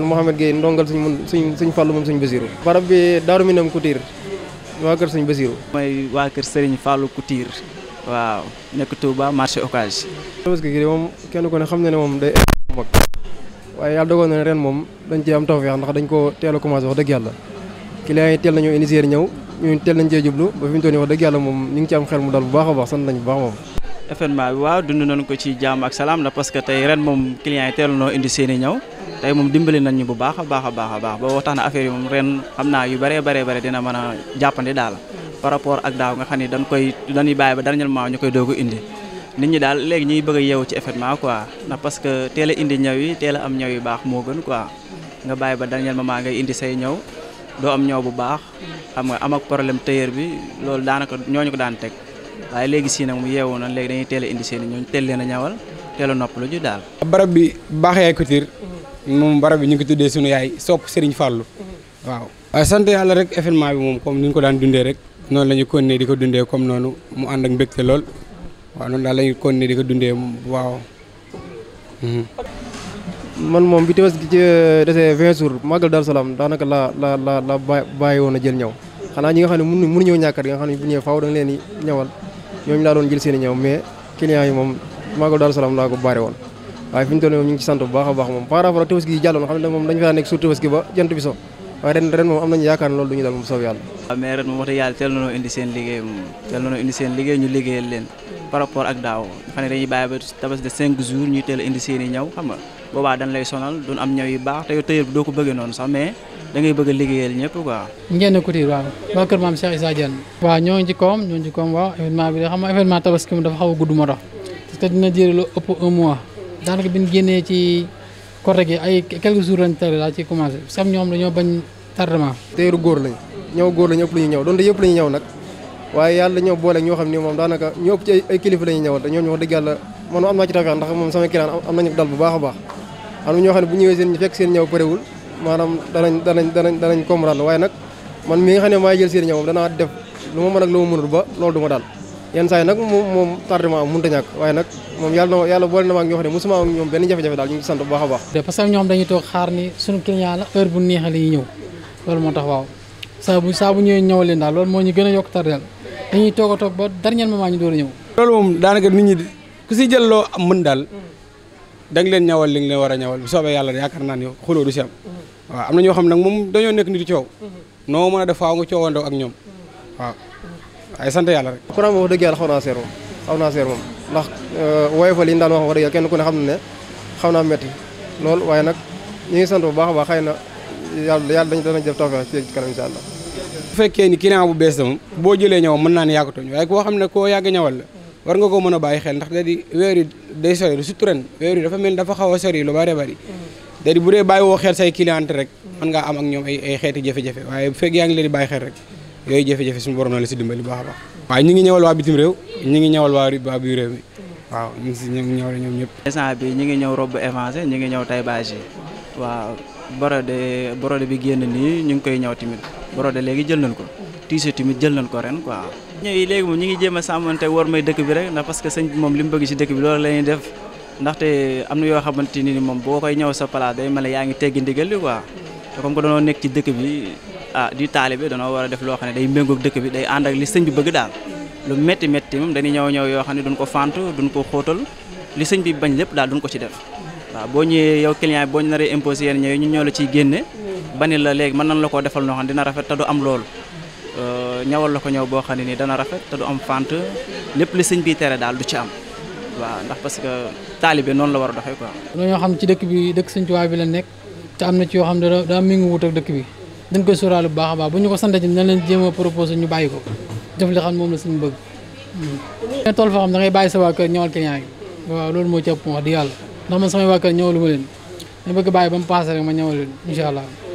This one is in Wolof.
man Mouhamed Gueye ndongal suñ mun suñ suñ Fallou moom suñ Basiru barab bi Daaru Minam Couture waa kër suñ Basiru mooy waa kër Serigne Fallou Couture waaw nekk Touba marché Occasion tabaski gi moom kenn ko ne xam na ne moom day mag waaye yàlla dogoon na ne ren moom dañ ci am tawfeex ndax dañ ko teel a commencé wax dëgg yàlla clients yi teel nañoo initier ñëw ñu teel nañ cee jublu ba fi mu toll wax dëgg yàlla moom ñu ngi ci am xel mu dal bu baax a baax sant nañ bu baax moom événement bi waaw dund nañ ko ci jàmm ak salaam la parce que tey ren moom client yi teel noo indi seen i ñëw tey moom dimbali nañ ñu bu baax a baax a baax a baax ba tax na affaire yi moom ren xam naa yu bare bëree bëri dina man a jàppandi daal par rapport ak daaw nga xam ni dañ koy dañuy bàyyi ba dernier moment ñu koy doog indi nit ñi daal léegi ñuy bëgg a yeewu ci événement quoi ndax parce que teel a indi ñëw yi teel a am ñaw yu baax moo gën quoi nga bàyyi ba dernier moment ngay indi say ñëw doo am ñëw bu baax xam am ak problème tailleur bi loolu daanaka ñooñu ko daan teg waaye léegi si mu yeewoo na léegi dañuy teel a indi seen i ñooñ teel leen a ñawal teel a noppalu ju daal. barab bi baax yaay Couture moom barab bi ñu ngi ko tuddee sunu yaay sopp Serigne Fallou waaw. sant yàlla rek événement bi moom comme ni ñu ko daan dundee rek noonu la kon ne di ko dundee comme noonu mu ànd ak mbégte lool waaw noonu daal la ñuy continuer di ko dundee mu waaw. Mhm. man moom bi tamit ci euh, desee vingt jours màggal Daaru Salaam daanaka la la la la bàyyi woon a jël ñaw xanaa ñi nga xam ne mënuñu mënuñoo ñàkkat yi nga xam ne bu ñëwee faaw da nga leen di ñooñu laa doon jël seen i ñëw mais clients yi moom Magal Daaru Salaam laa ko woon waaye fi ñu moom ñu ngi ci sant baax a baax moom par rapport ak tabaski daaw xam ne dañuy bàyyi ba de cinq jours ñuy teel indi seen i ñaw xam boobaa dañ lay sonal duñ am ñaw baax te yow bi doo ko bëggee noonu sax mais da ngay bëgg a liggéeyal ñëpp quoi. Ndiéna Couture waaw waa kër maam Cheikh Issa Diène. waaw ñoo ngi ci koom ñoo ngi ci koom waaw événement bi xam nga tabaski mu dafa xaw a gudd moo tax parce que dina jëriñ lu ëpp un mois daanaka bi ñu génnee ci côté gi ay quelques jours lañ tardé daal ci commencé sam ñoom dañoo bañ tardement. teeru góor lañ ñëw góor lañ ëpp la ñuy ñëw donte yëpp la ñuy ñëw nag waaye yàlla ñoo boole ñoo xam ne moom daanaka ñu ëpp ci ay kilifa la ñuy ñëwal te ñoom ñu wax dëgg yàlla man am naa ci tawfeex ndax moom sama kiraan am baax a baax am ñoo xam ne bu ñëwee seen fekk seen ñëw parewul maanaam danañ danañ danañ danañ waaye nag man mi nga maay jël seen ñaw danaa def lu ma mën ak lu ma mënul ba loolu du ma daal yenn saa yi nag moom moom tardement am mënut a ñàkk waaye nag moom yàlla na yàlla boole na ma ak ñoo xam ne mosuma ak ñoom benn jafe-jafe daal ñu ngi baax a baax parce que ñoom dañuy toog xaar ni suñu client la heure bu neexale yi ñëw loolu moo tax waaw saa bu ñëwee ñëw leen daal loolu a yokk moom daanaka nit ñi ku da leen ñawal li nga leen war a ñawal bu soobee yàlla yaakaar naa ne xuloo du si am waaw am na ñoo xam nag moom dañoo nekk ni di coow noo mën a def faaw nga ak ñoom ay sant yàlla rek courant moom wax dëgg yàlla xaw naa seer moom ndax euh, woyofal yi ñu daan wax wax dëgg yàlla kenn ku xam ne xaw naa metti lool waaye nag ñu ngi sant bu baax a baax xëy na yàlla yàlla dañu dana jëf tawfeex ci kanam incha allah bu fekkee ni client bu bees la moom boo jëlee ñëw mën naa ne tooñ waaye koo xam ne koo yàgg ñawal la war nga koo mën a bàyyi xel ndax da di weer yi day sori surtout ren weer dafa mel dafa xaw a sori lu bari bari mm-hmm. bu dee bàyyi woo xel say client rek mën nga am ak ñoom ay xeeti jafe-jafe waaye bu fekk yaa ngi bàyyi xel rek yooyu jafe suñu borom na la dimbali baax a baax ñu ngi ñëwal waa bitim réew ñu ngi ñëwal waa waa biir réew mi mm-hmm. waaw ngi si ñu ngi ñëw ñëpp instant bi ñu ngi ñëw robb évangé ñu ngi ñëw tay bâche yi waaw borode bi génn nii ñu ngi koy ñëw tamit borode léegi jël nañ ko tiise tamit jël nañ ko ren waaw ñëw léegi moom ñu ngi jéem a sàmmante war may dëkk bi rek ndax parce que sëñ bi moom li mu bëgg si dëkk bi loolu la ñuy def ndaxte am na yoo xamante ni moom boo koy ñëw sa place day mel ne yaa ngi teggi ndigal li quoi te comme que danoo nekk ci dëkk bi ah di taalibe danoo war a def loo xam ne day méngoog dëkk bi day ànd li sëñ bi bëgg daal lu métti dañuy ñëw ñëw yoo xam ne duñ ko fàntu duñ ko xóotal li sëñ bi bañ lépp daal duñ ko ci def waaw boo ñëwee yow client boo ñu naree imposé yéen ñu ñëw la ciy génne bani la léegi mën na la koo defal noo xam dina rafet te du am loolu ñawal la ko ñëw boo xam ne nii dana rafet te du am fànt lépp li sëñ bi tere daal du ci am waaw ndax parce taalibe noonu la war a doxee quoi. ñoo la nekk a baax ko sante ci dinañ a proposé ko def li xam moom la suñu bëgg. mais hmm. foo xam da bàyyi sa waa kër ñëwal client waaw loolu moo ci ëpp wax di yàlla ndax man samay waa kër ñëwalu ma leen dañ bëgg bàyyi ba paase rek ma ñëwal leen allah